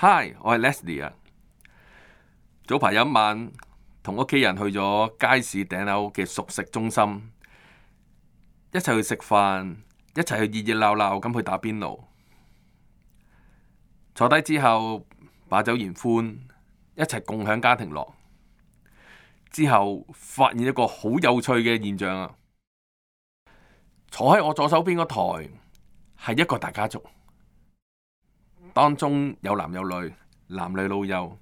Hi，我係 Leslie 啊。早排有一晚同屋企人去咗街市頂樓嘅熟食中心，一齊去食飯，一齊去熱熱鬧鬧咁去打邊爐。坐低之後把酒言歡，一齊共享家庭樂。之後發現一個好有趣嘅現象啊！坐喺我左手邊嗰台係一個大家族。當中有男有女，男女老幼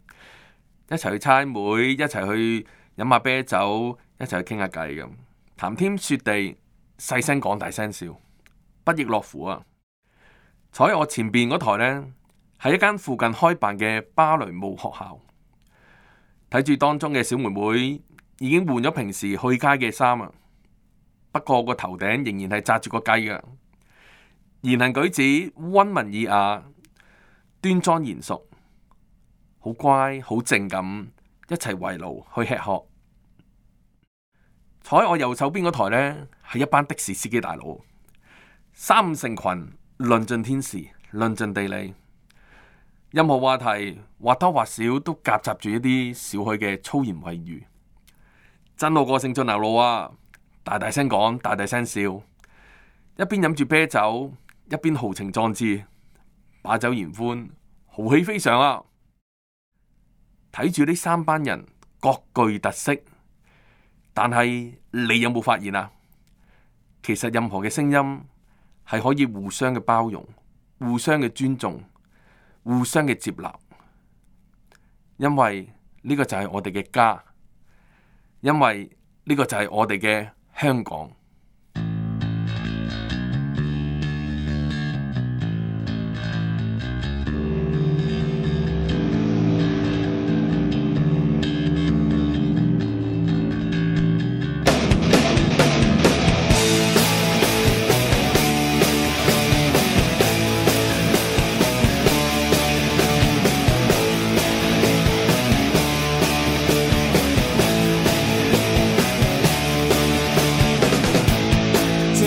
一齊去猜枚，一齊去飲下啤酒，一齊去傾下偈咁，談天說地，細聲講，大聲笑，不亦樂乎啊！坐喺我前邊嗰台呢，係一間附近開辦嘅芭蕾舞學校，睇住當中嘅小妹妹已經換咗平時去街嘅衫啊，不過個頭頂仍然係紮住個髻嘅，言行舉止溫文爾雅。端莊嚴肅，好乖好靜咁一齊圍爐去吃喝。坐喺我右手邊嗰台呢，係一班的士司機大佬，三五成群，論盡天時，論盡地理，任何話題或多或少都夾雜住一啲少許嘅粗言穢語。真我個性盡流露啊！大大聲講，大大聲笑，一邊飲住啤酒，一邊豪情壯志。把酒言歡，豪氣非常啊！睇住呢三班人，各具特色。但係你有冇發現啊？其實任何嘅聲音係可以互相嘅包容、互相嘅尊重、互相嘅接納，因為呢個就係我哋嘅家，因為呢個就係我哋嘅香港。